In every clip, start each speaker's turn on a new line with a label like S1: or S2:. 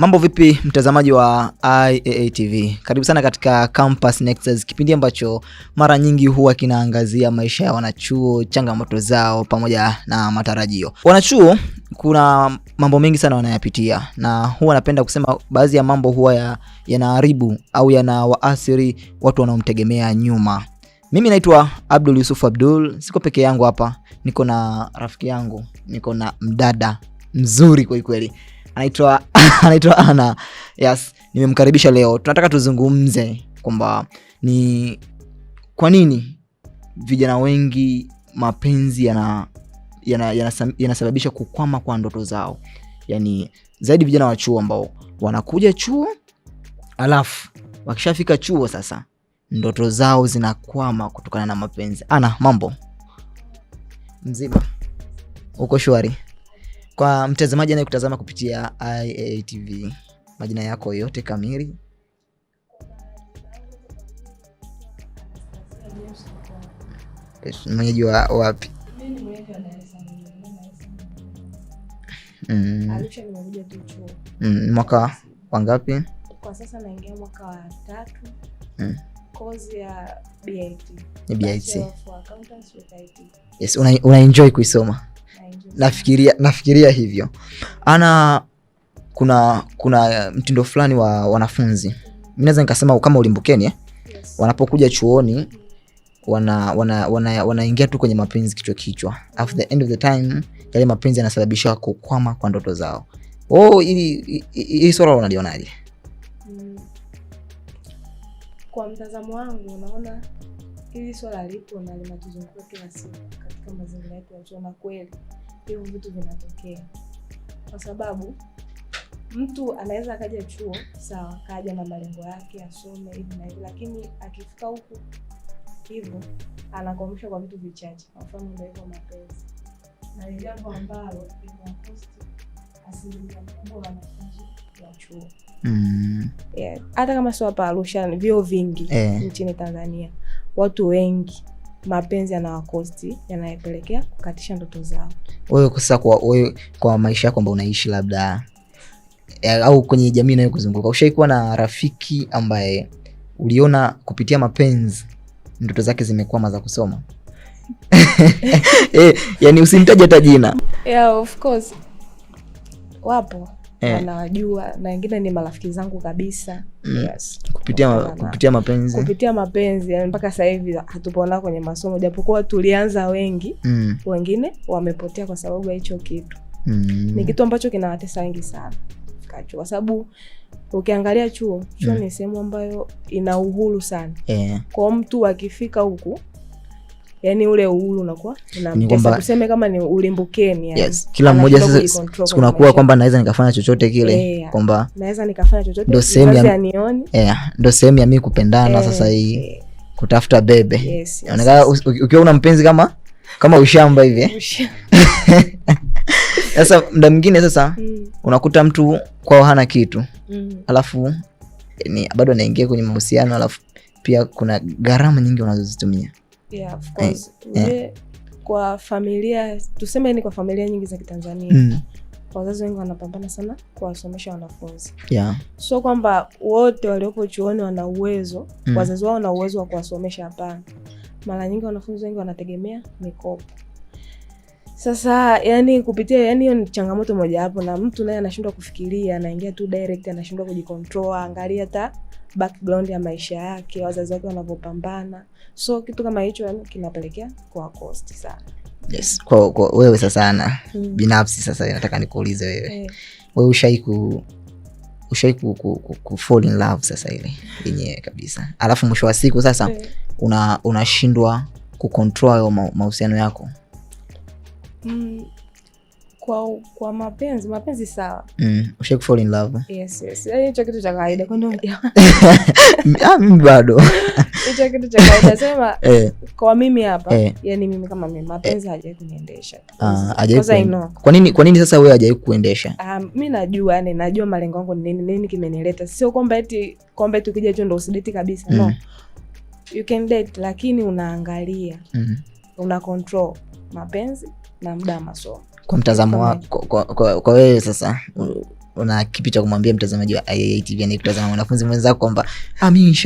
S1: Mambo vipi mtazamaji wa IAA TV. Karibu sana katika Campus Nexus, kipindi ambacho mara nyingi huwa kinaangazia maisha ya wanachuo, changamoto zao pamoja na matarajio. Wanachuo kuna mambo mengi sana wanayapitia na huwa napenda kusema baadhi ya mambo huwa yanaharibu ya au yanawaathiri watu wanaomtegemea nyuma. Mimi naitwa Abdul Yusuf Abdul, siko peke yangu hapa, niko na rafiki yangu, niko na mdada mzuri kwelikweli anaitwa Ana. Yes, nimemkaribisha leo. Tunataka tuzungumze kwamba ni kwa nini vijana wengi mapenzi yanasababisha yana, yana, yana kukwama kwa ndoto zao, yani zaidi vijana wa chuo ambao wanakuja chuo alafu wakishafika chuo sasa ndoto zao zinakwama kutokana na mapenzi. Ana, mambo mzima, uko shwari? Kwa mtazamaji anayekutazama kupitia IATV, majina yako yote kamili? Mwenyeji wa wapi? Mm. Mm, mwaka wa ngapi? Mm. Ni BIT. kuisoma? nafikiria, nafikiria hivyo ana kuna kuna mtindo fulani wa wanafunzi, mi naweza nikasema kama ulimbukeni eh? Wanapokuja chuoni wanaingia wana, wana, wana tu kwenye mapenzi kichwa kichwa, at the end of the time yale mapenzi yanasababisha kukwama kwa ndoto zao. Oh, ili ili swala unalionaje?
S2: Kwa mtazamo wangu, unaona hili swala lipo na linatuzunguka kila siku katika mazingira yetu ya chuo, na kweli hivyo vitu vinatokea, kwa sababu mtu anaweza akaja chuo sawa, kaja na malengo yake asome hivi na hivi, lakini akifika huku hivyo anakwamisha kwa vitu vichache, kwa mfano ndio hivyo mapenzi, na ni jambo ambalo linakosti asilimia kubwa wanafunzi wa chuo mm. yeah. hata kama sio hapa Arusha, vyo vingi eh. nchini Tanzania watu wengi mapenzi yanawakosti yanayepelekea kukatisha ndoto zao.
S1: Wewe sasa kwa, wewe kwa maisha yako ambayo unaishi labda ya, au kwenye jamii inayokuzunguka ushai kuwa na rafiki ambaye uliona kupitia mapenzi ndoto zake zimekwama za kusoma? E, yani usimtaje hata jina.
S2: Yeah, of course wapo eh, na wengine ni marafiki zangu kabisa mm.
S1: yes. kupitia, ma, kupitia mapenzi
S2: kupitia mapenzi yani mpaka sasa hivi hatupona kwenye masomo japokuwa tulianza wengi mm. wengine wamepotea kwa sababu ya hicho kitu mm. ni kitu ambacho kinawatesa wengi sana kacho kwa sababu ukiangalia chuo chuo mm. ni sehemu ambayo ina uhuru sana yeah. kwao mtu akifika huku yani ule uhuru unakuwa unamtesa, tuseme kama ni ulimbukeni
S1: yani. Yes, kila mmoja sasa kunakuwa kwamba naweza nikafanya chochote kile yeah, kwamba
S2: naweza nikafanya chochote ndo sehemu ya nione
S1: yeah, ndo sehemu ya mimi kupendana yeah, sasa hii yeah, kutafuta bebe inaonekana. yes, yes, yes. Ukiwa una mpenzi kama kama ushamba hivi sasa mda mwingine sasa mm. unakuta mtu kwao hana kitu mm. alafu eh, ni bado anaingia kwenye mahusiano alafu pia kuna gharama nyingi unazozitumia
S2: yeah, yeah. Eh. kwa familia tuseme ni kwa familia nyingi za Kitanzania mm. wazazi wengi wanapambana sana kuwasomesha wanafunzi yeah. so kwamba wote waliopo chuoni wana uwezo mm. wazazi wao wana uwezo wa kuwasomesha, hapana. Mara nyingi wanafunzi wengi wanategemea mikopo sasa yani, kupitia yani, hiyo ni changamoto mojawapo, na mtu naye anashindwa kufikiria, anaingia tu direct, anashindwa kujikontrol, angalia hata background ya maisha yake, wazazi wake wanavyopambana, so kitu kama hicho yani kinapelekea kwa cost sana.
S1: Yes. Kwa, kwa wewe sasa sana hmm, binafsi sasa nataka nikuulize wewe hey, eh. wewe ushai ku ushai ku, ku, ku, ku fall in love sasa ile yenyewe kabisa, alafu mwisho wa siku sasa hey, eh. unashindwa una kucontrol hayo mahusiano yako
S2: hmm kwa, kwa mapenzi mapenzi sawa.
S1: Mm, usha ku in love.
S2: Yes, yes. Eh, hicho kitu cha kawaida
S1: ah, mimi bado
S2: hicho kitu cha kawaida sema eh. Kwa mimi hapa eh. Yani mimi kama mimi mapenzi eh. Hajawahi kuniendesha
S1: ah, kwa nini, kwa nini sasa wewe hajawahi kuendesha? Um,
S2: ah, mi najua ni najua malengo yangu ni nini, nini kimenileta, sio kwamba eti kwamba eti ukija tu ndo usideti kabisa mm. No, you can date, lakini unaangalia mm. Una control mapenzi na muda wa masomo
S1: kwa mtazamo wako wewe sasa una kipi cha kumwambia mtazamaji wa IITV anayekutazama mwanafunzi mwenzako kwamba ah, mi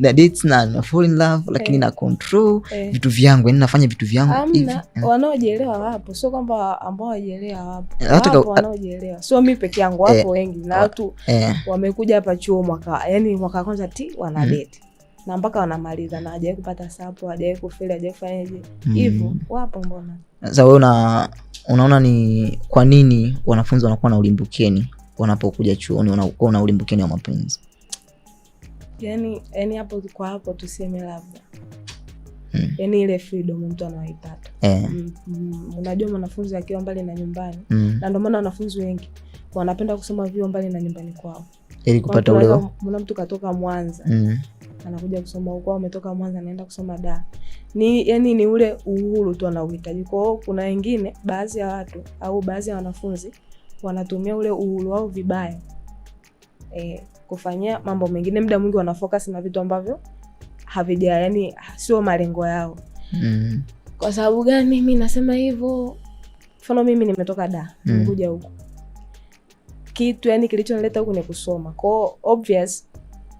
S1: na dates na na fall in love lakini hey, eh. na control hey, eh. vitu vyangu yani nafanya vitu vyangu
S2: eh. Wanaojielewa wapo, sio kwamba ambao wajielewa wapo, wanaojielewa sio mi peke yangu, wapo hey. wengi na watu hey. wamekuja hapa chuo mwaka yani mwaka wa kwanza ti wana hmm. date na mpaka wanamaliza na hajawahi kupata sapo, hajawahi kufeli, hajawahi kufanyaje hivo mm-hmm. hivyo, wapo mbona.
S1: sa so, we una unaona ni kwa nini wanafunzi wanakuwa na ulimbukeni wanapokuja chuoni, wanakuwa na ulimbukeni wa mapenzi?
S2: Yani, yani hapo kwa hapo tuseme labda Hmm. Yani ile freedom mtu anaoipata yeah. Mm, mm, unajua mwanafunzi akiwa mbali na nyumbani mm. na ndio maana wanafunzi wengi wanapenda kusoma vio mbali na nyumbani kwao
S1: ili kupata ule.
S2: Kuna mtu katoka Mwanza mm. anakuja kusoma huko, ametoka Mwanza anaenda kusoma da ni yani, ni ule uhuru tu anauhitaji. Kwa kuna wengine, baadhi ya watu au baadhi ya wanafunzi wanatumia ule uhuru wao vibaya e, kufanyia mambo mengine. Muda mwingi wanafocus na vitu ambavyo havija yani sio malengo yao mm. Kwa sababu gani mimi nasema hivyo? Mfano mimi nimetoka da, mm. mm. huku kitu yani kilichonileta huku ni kusoma. Kwao obvious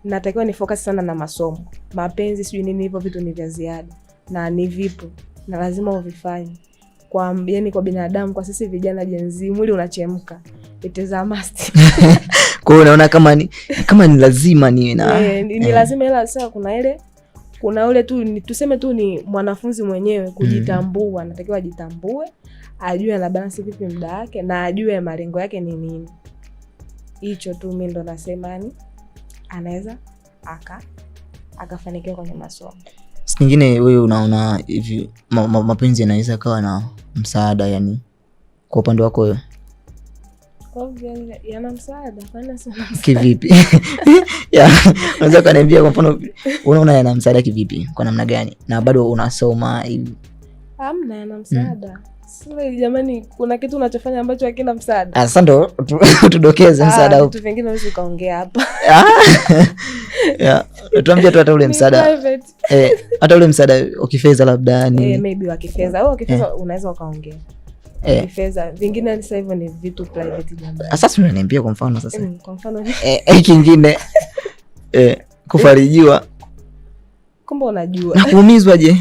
S2: natakiwa ni focus sana na masomo. Mapenzi sijui nini, hivyo vitu ni vya ziada na ni vipo na lazima uvifanye. Kwa yani kwa binadamu, kwa sisi vijana jenzi, mwili unachemka, it is a must.
S1: Kwa hiyo unaona kama ni kama ni lazima niwe na yeah,
S2: ni yeah, lazima ila sasa kuna ile kuna ule tu ni, tuseme tu ni mwanafunzi mwenyewe mm. kujitambua, anatakiwa mm, ajitambue, ajue ana balance vipi muda wake na ajue malengo yake ni nini hicho tu mi ndo nasema yaani, anaweza aka akafanikiwa kwenye masomo.
S1: Nyingine wewe unaona hivi ma, ma, mapenzi yanaweza kawa na msaada, yani kwa upande wako wewe kivipi? Unaweza kaniambia kwa mfano, unaona yana msaada kivipi, kwa namna gani, na bado unasoma hivi?
S2: Hamna, yana msaada mm. Jamani, kuna kitu unachofanya ambacho hakina msaada.
S1: Ah, sasa ndo tudokeze ah, msaada,
S2: vitu vingine ukaongea hapa.
S1: Ah, tuambie tu hata ule msaada, eh, hata ule msaada labda ni
S2: eh, maybe au eh. unaweza ukaongea vingine. Sasa hivyo ni vitu private
S1: jamani. Sasa unaniambia kwa mfano, sasa mm, kwa mfano kingine kufarijiwa,
S2: kumbe unajua,
S1: na kuumizwa je?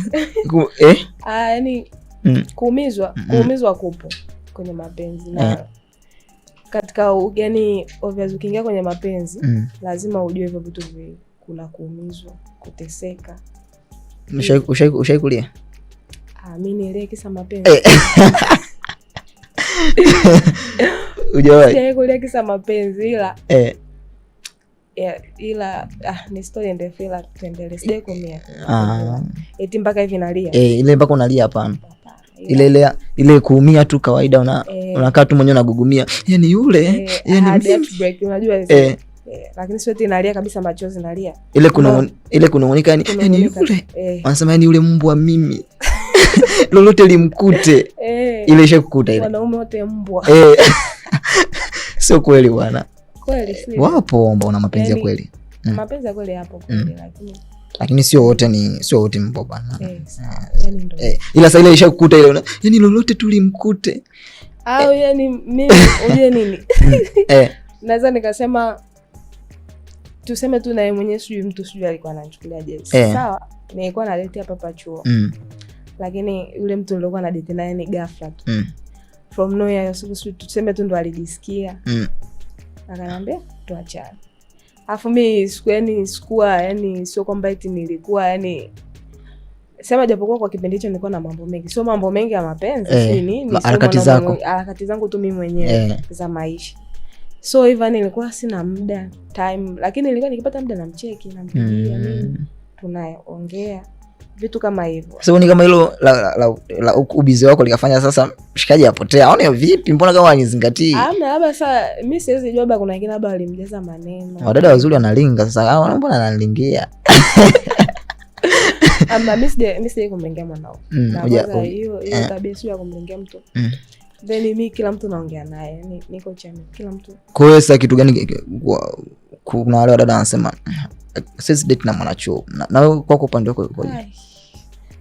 S2: Eh, ah yani Mm. kuumizwa mm. kuumizwa kupo kwenye mapenzi na eh. katika yani, obviously ukiingia kwenye mapenzi mm. lazima ujue hivyo vitu vi kuna kuumizwa, kuteseka. Ushai kulia? Ah, mi nielewe kisa mapenzi eh. Ujawahi kisa mapenzi ila eh. Yeah, ila ah, ni stori ndefu ila tuendelee, sijai kumia ah. eti mpaka hivi nalia
S1: eh, ile mpaka unalia? Hapana. Ah ile ile ile kuumia tu kawaida, una eh, unakaa tu mwenyewe unagugumia, yani yule eh,
S2: yani unajua eh eh, lakini sio tena nalia kabisa, machozi nalia
S1: ile kuna no. ile kuna kunong'onika, yani yani yule eh, wanasema yani yule mbwa mimi lolote limkute eh, ile isha kukuta
S2: ile wanaume wote mbwa eh,
S1: sio kweli bwana, kweli sio wapo ambao una mapenzi ya yaani kweli,
S2: mm. mapenzi ya kweli hapo kweli, mm. lakini
S1: lakini sio wote ni sio wote mpo bana eh, eh. Yaani eh. ila sasa ile ishakukuta ile una yani lolote tulimkute
S2: au eh. yani mimi ujue nini eh. naweza nikasema tuseme tu naye mwenyewe sijui mtu sijui alikuwa ananichukulia jinsi eh. sawa nilikuwa naleti hapa pa chuo mm. lakini yule mtu nilikuwa date naye ni ghafla tu mm. from nowhere siku tuseme tu ndo alijisikia mm. akaniambia tuachane Alafu mi siku yani sikuwa yani sio kwamba eti nilikuwa yani sema japokuwa kwa kipindi hicho nilikuwa na mambo mengi, sio mambo mengi ya mapenzi eh, si nini,
S1: harakati zako
S2: harakati zangu tu mimi mwenyewe eh, za maisha. So hivyo nilikuwa sina muda time, lakini nilikuwa nikipata muda namcheki, nampigia mm, tunaongea vitu kama hivyo.
S1: Sasa ni kama hilo la, la, la, la ubizi wako likafanya sasa mshikaji apotea, aone vipi? Mbona kama anizingatii?
S2: Hamna, ah, labda sasa mimi siwezi jua, labda kuna wengine labda alimjaza maneno.
S1: Wadada wazuri wanalinga sasa, ah, mbona analingia
S2: Ama mimi sije mimi sije kumlingia mwanao. mm, Na oh, hiyo hiyo eh. tabia sio ya kumlingia mtu. Mm. Then mimi kila mtu naongea naye, niko chama kila mtu.
S1: Kwa hiyo sasa kitu gani kuna wale wadada wanasema siwezi date na mwanachuo. Na wewe kwako upande wako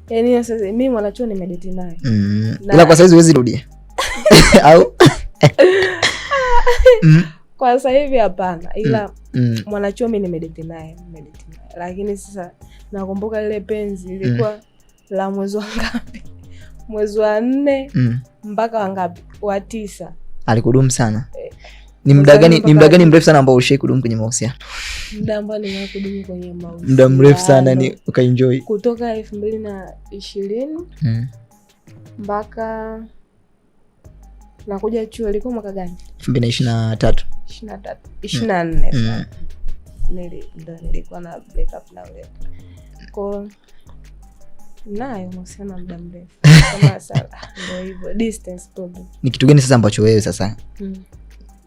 S2: Yaani sasa mimi mwanachuo nimedate naye.
S1: Mm. Ila kwa saizi huwezi rudia au?
S2: Mm. Kwa sasa hivi hapana, ila mm. mm. mwanachuo mimi nimedate naye, nimedate naye lakini sasa nakumbuka lile penzi ilikuwa mm. la mwezi wa ngapi? Mwezi wa nne mm. mpaka wangapi? Wa tisa.
S1: Alikudumu sana ni mda gani, ni mda gani mrefu sana ambao ulishai kudumu kwenye mahusiano?
S2: Mda ambao nimewahi kudumu kwenye mahusiano.
S1: mda mrefu sana ni ukaenjoy.
S2: Kutoka 2020 mm. mpaka nakuja chuo ilikuwa mwaka gani?
S1: 2023.
S2: 23. 24. Mm. Ndio nilikuwa na break up na yule. Kwa nayo mahusiano mda mrefu. Kama sala. Ndio hivyo distance problem.
S1: Ni kitu gani sasa ambacho wewe sasa? Mm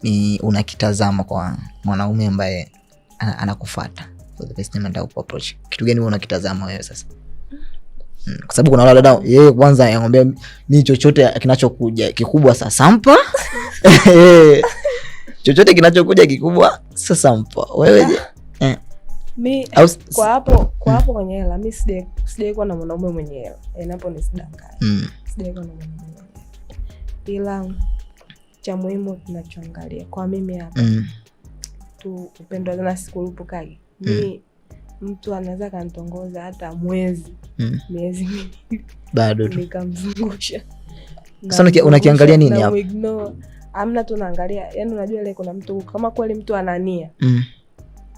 S1: ni unakitazama kwa mwanaume ambaye anakufata kitu gani unakitazama wewe sasa hmm, kwa sababu kuna dada yeye kwanza anaambia mi chochote kinachokuja kikubwa sasampa chochote kinachokuja kikubwa sasampa wewe eh.
S2: Mi, Aus, kwa hapo kwa hmm. hapo mm. kwenye hela mi na mwanaume mwenye hela enapo yaani mm. na mwanaume ila cha muhimu tunachoangalia kwa mimi hapa mm. tu upendo na sikurupukaji mm. mi mm. mtu anaweza kantongoza hata mwezi mm. miezi mingi bado nikamzungusha
S1: unakiangalia nini
S2: hapa amna tu naangalia yani unajua ile kuna mtu kama kweli mtu anania mm.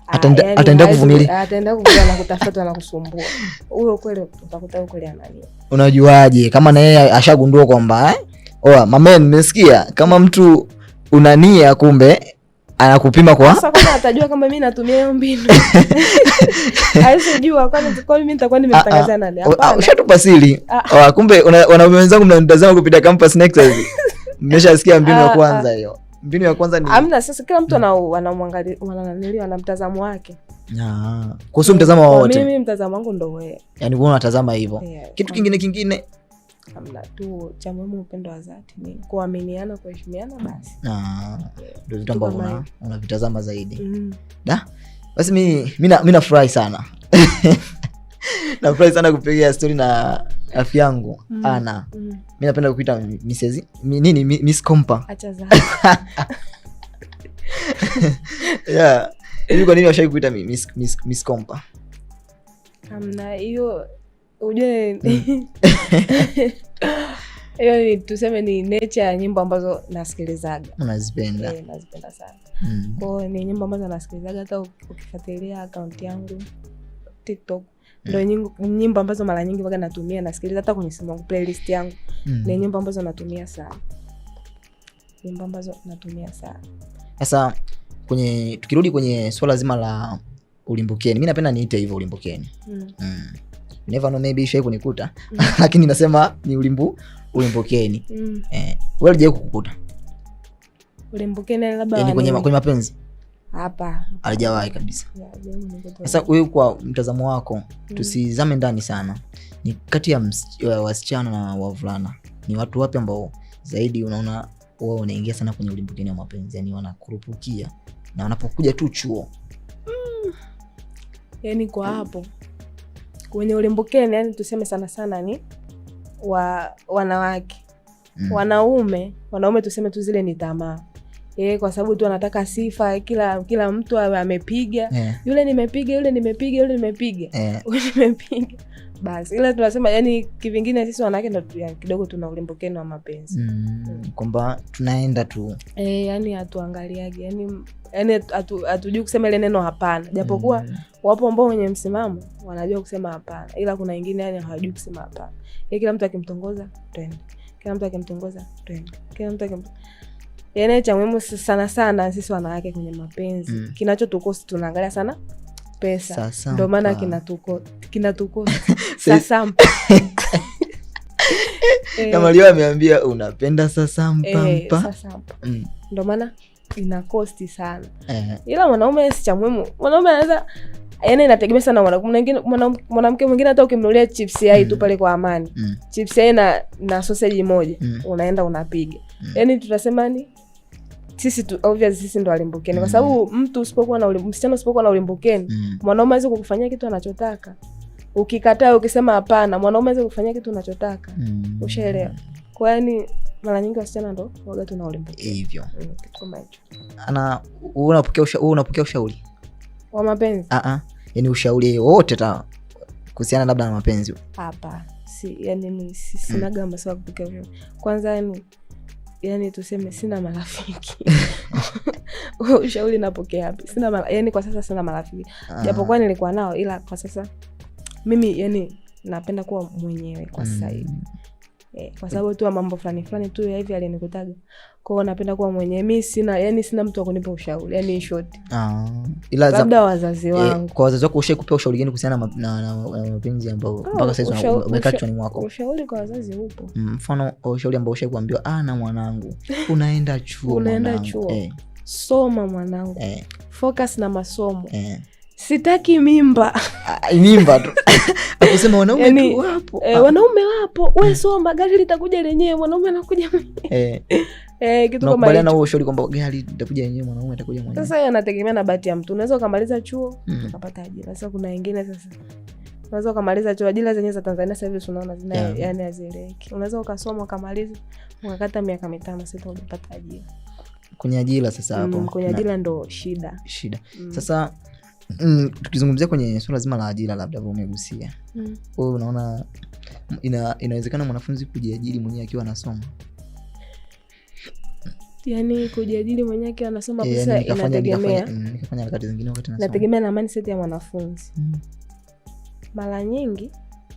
S1: Ah, yaani ataendelea yani kuvumilia
S2: ataendelea na kutafuta na kusumbua huyo kweli utakuta kweli anania
S1: unajuaje kama na yeye ashagundua kwamba eh? oa mamen, nimesikia kama mtu unania kumbe anakupima kwa
S2: sababu atajua kama mimi natumia hiyo mbinu. Haisijua kwani kwa mimi nitakuwa nimemtangazia ah, ah. nani?
S1: Ah, Hapana. Ushatupa siri. Kumbe wanaume wenzangu mnanitazama kupitia campus next hivi. Mmeshasikia mbinu ya kwanza hiyo. Mbinu ya kwanza ni
S2: amna sasa kila mtu hmm. ana anamwangalia ananilio ana mtazamo wake.
S1: Ah. Kwa hiyo mtazamo wao
S2: wote. Mimi mtazamo wangu ndio wewe.
S1: Yaani wewe unatazama hivyo. Kitu kingine kingine
S2: hamna tu cha muhimu upendo wa zati ni kuaminiana kuheshimiana basi
S1: ndio vitu ambavyo unavitazama zaidi mm. da basi mi mi nafurahi sana nafurahi sana kupiga stori na afya yangu mm. ana mm. mi napenda kukuita misezi nini miss compa yeah hivi kwa nini washai kuita miss, miss, compa
S2: hamna hiyo ujue mm. hiyo ni tuseme ni nature ya nyimbo ambazo nasikilizaga
S1: nazipenda
S2: e, nazipenda sana mm. kwao ni nyimbo ambazo nasikilizaga hata ukifuatilia akaunti yangu tiktok mm. ndo nyimbo ambazo mara nyingi mpaka natumia nasikiliza hata kwenye simu yangu playlist yangu mm. ni nyimbo ambazo natumia sana nyimbo ambazo natumia sana
S1: sasa kwenye tukirudi kwenye swala zima la ulimbukeni mi napenda niite hivyo ulimbukeni mm. Mm never know maybe ishai kunikuta mm. lakini nasema ni ulimbu ulimbukeni mm. eh, wewe ulijawahi kukukuta yaani kwenye, kwenye mapenzi hapa alijawahi kabisa sasa wewe kwa mtazamo wako mm. tusizame ndani sana ni kati ya wasichana na wavulana ni watu wapi ambao zaidi unaona wao unaingia sana kwenye ulimbukeni wa mapenzi yani wanakurupukia na wanapokuja tu chuo mm.
S2: yani kwa mm. hapo wenye urembo kali, yani tuseme sana sana ni wa wanawake mm. Wanaume, wanaume tuseme tu zile ni tamaa E, kwa sababu tu anataka sifa, kila kila mtu amepiga, yeah. Yule nimepiga, yule nimepiga, yule nimepiga, yeah. nimepiga basi, ila tunasema yani kivingine sisi wanawake ndo kidogo tuna ulimbukeni wa mapenzi mm,
S1: mm. kwamba tunaenda tu
S2: e, yani hatuangaliagi yani yani hatujui kusema ile neno hapana, japokuwa mm. wapo ambao wenye msimamo wanajua kusema hapana, ila kuna wengine yani hawajui kusema hapana. Yaani kila mtu akimtongoza twende, kila mtu akimtongoza twende, kila mtu akim yani, cha muhimu sana sana sisi wanawake kwenye mapenzi mm. kinachotukosi tunaangalia sana pesa, ndio maana kinatuko kinatukosi sasampa
S1: Kamalio ameambia unapenda sasampa
S2: eh, mpa, mm. ndio maana ina kosti sana eh. Ila mwanaume si cha muhimu, mwanaume anaweza yani inategemea sana mwanamke. mwingine hata ukimnulia chips yai mm. tu pale kwa amani mm. chips yai na, na sausage moja mm. unaenda unapiga mm. yani tutasema ni sisi tu, obvious sisi ndo walimbukeni kwa mm. sababu mtu usipokuwa na msichana usipokuwa na ulimbukeni mm. mwanaume aweze kukufanyia kitu anachotaka ukikataa, ukisema hapana, mwanaume aweze kukufanyia kitu anachotaka mm. ushaelewa? kwa yani mara nyingi wasichana ndo waga tunaolembekea
S1: hivyo mm, ana unapokea ushauri unapokea ushauri wa mapenzi uh ah, -uh. Ah. yani ushauri wote ta kuhusiana labda na mapenzi
S2: hapa si yani si, sinaga mm. masaa kupokea ushauri kwanza yani yani tuseme sina marafiki ushauri napokea wapi sina mara, yani kwa sasa sina marafiki ah. japokuwa nilikuwa nao ila kwa sasa mimi yani napenda kuwa mwenyewe kwa mm. sasa hivi mm eh, kwa sababu tu mambo fulani fulani tu ya hivi alinikuta kwao, napenda kuwa mwenyewe mimi. Sina yani, sina mtu wa kunipa ushauri yani short, ah, ila labda wazazi eh, wangu.
S1: Kwa wazazi wako ushai kupewa ushauri gani kuhusiana na mapenzi ambao ah, mpaka sasa umekaa kichwani mwako?
S2: Ushauri kwa wazazi upo,
S1: mm, mfano ushauri ambao ushawahi kuambiwa, ah, na mwanangu, unaenda chuo,
S2: unaenda chuo, eh. soma mwanangu, eh. focus na masomo eh sitaki mimba
S1: ah, mimba tu akusema wanaume yani, tu yaani, wapo
S2: e, wanaume wapo we soma gari litakuja lenyewe mwanaume anakuja e.
S1: E, kitu kama hicho na ushauri kwamba gari litakuja lenyewe mwanaume atakuja
S2: mwenyewe sasa anategemea na bahati ya mtu unaweza ukamaliza chuo ukapata mm. ajira sasa kuna wengine sasa unaweza ukamaliza chuo ajira zenyewe za tanzania sasa hivi tunaona zina yeah. yani hazieleweki unaweza ukasoma ukamaliza ukakata miaka mitano sita ujapata ajira
S1: kwenye ajira sasa hapo mm,
S2: kwenye ajira ndo shida
S1: shida mm. sasa mm, tukizungumzia kwenye swala zima la ajira labda ambao umegusia mm. wewe unaona ina, inawezekana mwanafunzi kujiajiri mwenyewe akiwa anasoma
S2: yani kujiajiri mwenyewe akiwa anasoma eh, pesa yaani inategemea nikafanya harakati mm, zingine wakati nategemea na mindset ya mwanafunzi mm. mara nyingi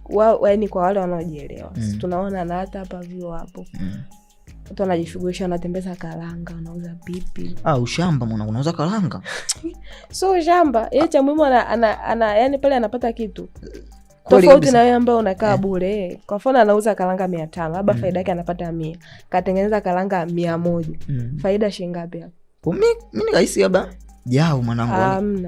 S2: wa, wa, ni kwa wale wanaojielewa mm. tunaona na hata hapa vio hapo mm watu wanajishughulisha, wanatembeza karanga, wanauza pipi.
S1: Ah, ushamba mwana, unauza karanga
S2: so ushamba ye, cha muhimu ana, ana, ana, yani pale anapata kitu tofauti na wewe ambaye unakaa eh. bure. Kwa mfano anauza karanga mia tano labda mm. faida yake anapata mia, katengeneza karanga mia moja mm. faida shilingi ngapi hapo?
S1: Mi nikahisi labda jao mwanangu, ah, yaani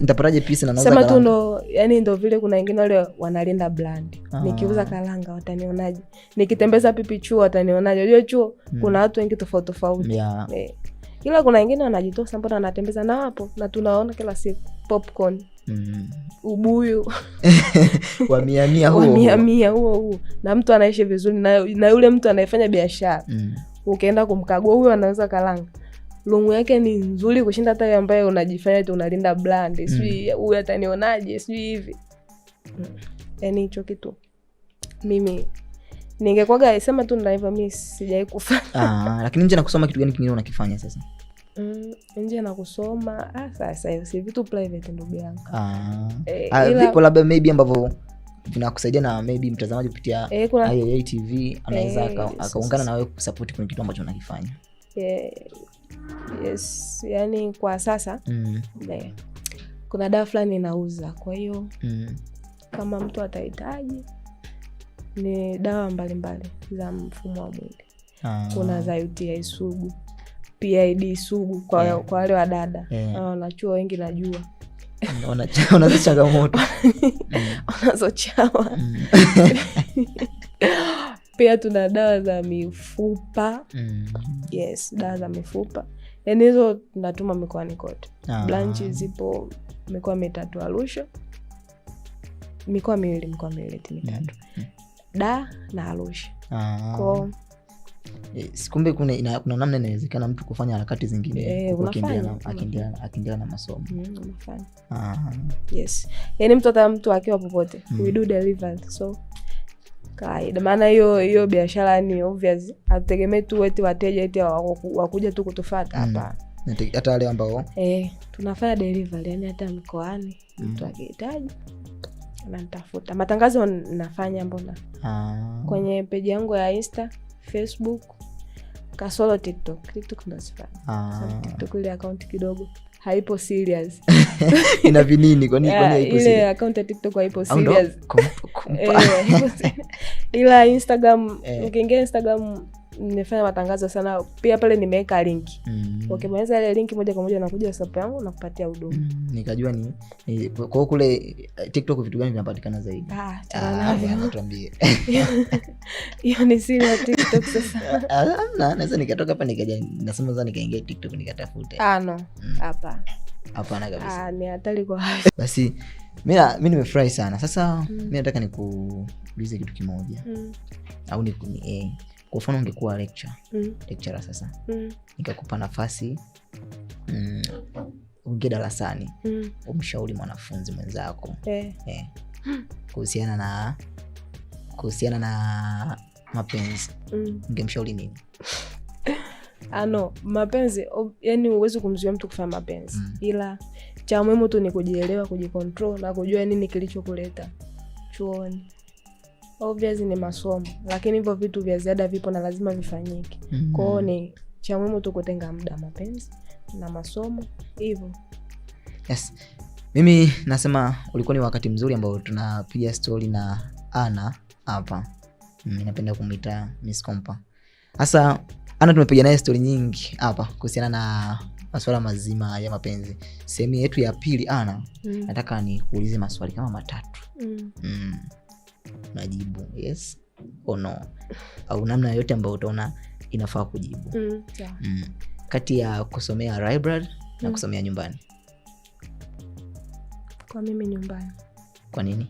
S1: nitapataje
S2: sema tu ndo, yani ndo vile. Kuna wengine wale wanalinda bland ah. nikiuza kalanga watanionaje? Nikitembeza pipi chuo watanionaje? Unajua chuo hmm. kuna watu wengi tofauti tofauti yeah. e. Ila kuna wengine wanajitosa, mbona wanatembeza na wapo na tunaona kila siku popcorn Mm. Ubuyu
S1: wamiamia huo
S2: wamiamia huo huo, na mtu anaishi vizuri na, na yule mtu anayefanya biashara mm. Ukienda kumkagua huyo anaweza kalanga longu yake ni nzuri kushinda hata hiyo ambayo unajifanya tu unalinda brand, mm. sijui huyu atanionaje, sijui hivi mm. Yaani hicho kitu mimi ningekwaga sema tu naiva mi sijai
S1: kufanyalakini ah, nje nakusoma kusoma kitu gani kingine unakifanya sasa?
S2: Mm, nje na kusoma ah, sasa si vitu private ndugu yangu ah.
S1: Eh, ah, labda maybe ambavyo vinakusaidia na maybe mtazamaji kupitia e, anaweza e, akaungana so, so, na wewe kusapoti kwenye kitu ambacho unakifanya
S2: yes, yani kwa sasa mm. ne, kuna dawa fulani inauza, kwa hiyo mm. kama mtu atahitaji ni dawa mbalimbali za mfumo wa mwili ah. kuna za UTI sugu, PID sugu kwa yeah. kwa wale wadada yeah. Eh. wanachua wengi najua
S1: wanazochangamoto
S2: changamoto pia tuna dawa za mifupa mm. Yes, dawa za mifupa yani hizo tunatuma mikoani kote. Ah. blanchi zipo mikoa mitatu Arusha, mikoa miwili, mikoa miwili ti mitatu mm. mm. Da na Arusha ah. ko
S1: eh, sikumbe kuna, ina, kuna namna inawezekana mtu kufanya harakati zingine
S2: eh, na masomo mm, ah. yaani mtu hata mtu akiwa popote mm. we do so kawaida, maana hiyo hiyo biashara ni obvious, hatutegemei tu weti wateja eti wakuja tu kutufata hapa
S1: mm. hata wale ambao
S2: eh, tunafanya delivery yani hata mkoani mm. mtu akihitaji ananitafuta. Matangazo nafanya mbona, ah. kwenye peji yangu ya Insta, Facebook kasolo tiktok tiktok ah. ile akaunti kidogo haipo serious
S1: ina vinini kwani
S2: ile ya TikTok haipo serious eh, ila Instagram eh. ukiingia Instagram nimefanya matangazo sana pia, pale nimeweka linki mm. Ukimaliza ile linki moja kwa moja nakuja WhatsApp yangu nakupatia huduma mm.
S1: Nikajua ni, ni kwao kule eh, TikTok vitu gani vinapatikana zaidi?
S2: Ah, ah, hiyo ni siri ya TikTok sasa.
S1: Ah, hamna, naweza nikatoka hapa nikaja nasema za nikaingia TikTok nikatafute.
S2: ano mm. hapa mm. Hapana kabisani hatari kwa
S1: basi mi nimefurahi sana sasa mm. Mi nataka nikuulize kitu kimoja mm. au ni, ni eh kwa mfano ungekuwa lecture mm. lecture sasa mm. nikakupa nafasi mm, ungie darasani mm. umshauri mwanafunzi mwenzako eh. eh. kuhusiana na kuhusiana na mapenzi mm. ungemshauri nini?
S2: ano ah, mapenzi yani huwezi kumzuia mtu kufanya mapenzi mm. ila cha muhimu tu ni kujielewa, kujikontrol na kujua nini kilichokuleta chuoni. Obvious ni masomo, lakini hivyo vitu vya ziada vipo na lazima vifanyike. Mm. -hmm. Kwao ni cha muhimu tu kutenga muda mapenzi na masomo hivyo.
S1: Yes. Mimi nasema ulikuwa ni wakati mzuri ambao tunapiga stori na Ana hapa. Mimi napenda kumwita Miss Kompa. Sasa Ana tumepiga naye stori nyingi hapa kuhusiana na maswala mazima ya mapenzi. Sehemu yetu ya pili Ana, mm. nataka nikuulize maswali kama matatu. Mm. Mm najibu yes ono no au namna yoyote ambayo utaona inafaa kujibu mm, yeah. mm. kati ya kusomea library na mm. kusomea nyumbani
S2: kwa mimi nyumbani kwa nini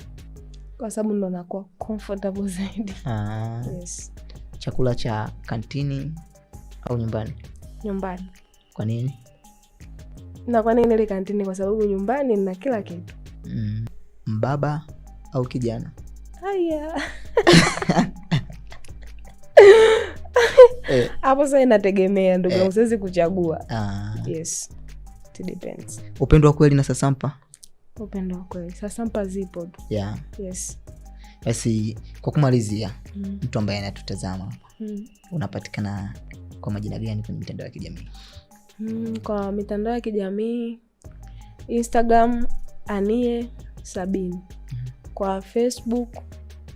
S2: kwa sababu ndo nakuwa comfortable zaidi ah,
S1: yes. chakula cha kantini au nyumbani nyumbani kwa nini
S2: na kwa nini ile kantini kwa sababu nyumbani na kila kitu mm.
S1: mbaba au kijana
S2: Maria. Eh. hapo Sasa inategemea ndugu yangu eh. Siwezi kuchagua ah. Yes. It depends.
S1: Upendo wa kweli na sasampa,
S2: upendo wa kweli sasampa zipo tu yeah. Yes.
S1: Basi kwa kumalizia, mm. mtu ambaye anatutazama mm. unapatikana kwa majina gani kwenye mitandao ya kijamii?
S2: Mm, kwa mitandao ya kijamii Instagram anie sabini mm. Mm-hmm. kwa Facebook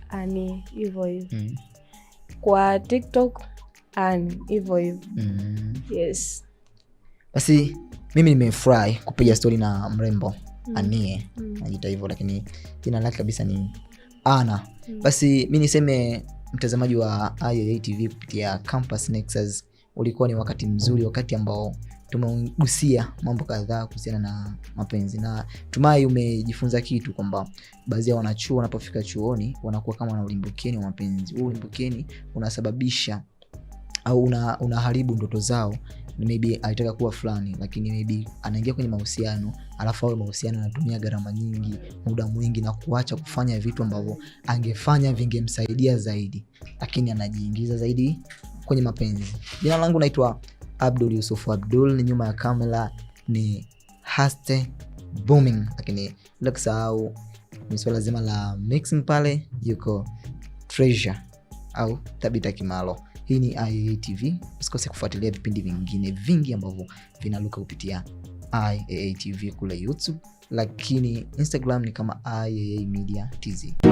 S2: ani hivo hivo mm. kwa TikTok ani hivo hivo mm. yes.
S1: Basi mimi nimefurahi kupiga stori na mrembo mm. Anie mm. najita hivyo, lakini jina lake kabisa ni Ana mm. Basi mi niseme mtazamaji wa iotv kupitia Campus Nexus, ulikuwa ni wakati mzuri, wakati ambao tumegusia mambo kadhaa kuhusiana na mapenzi na tumai umejifunza kitu kwamba baadhi ya wanachuo wanapofika chuoni wanakuwa kama na ulimbukeni wa mapenzi. Huu ulimbukeni unasababisha au una, unaharibu ndoto zao. Maybe alitaka kuwa fulani, lakini maybe anaingia kwenye mahusiano, alafu awe mahusiano anatumia gharama nyingi, muda mwingi, na kuacha kufanya vitu ambavyo angefanya vingemsaidia zaidi, lakini anajiingiza zaidi kwenye mapenzi. Jina langu naitwa Abdul Yusufu Abdul, ni nyuma ya kamera ni Haste Booming, lakini bila kusahau ni swala zima la mixing pale yuko Treasure au Tabita Kimalo. Hii ni iaatv usikose kufuatilia vipindi vingine vingi ambavyo vinaluka kupitia iaatv kule YouTube, lakini Instagram ni kama IAA Media TZ.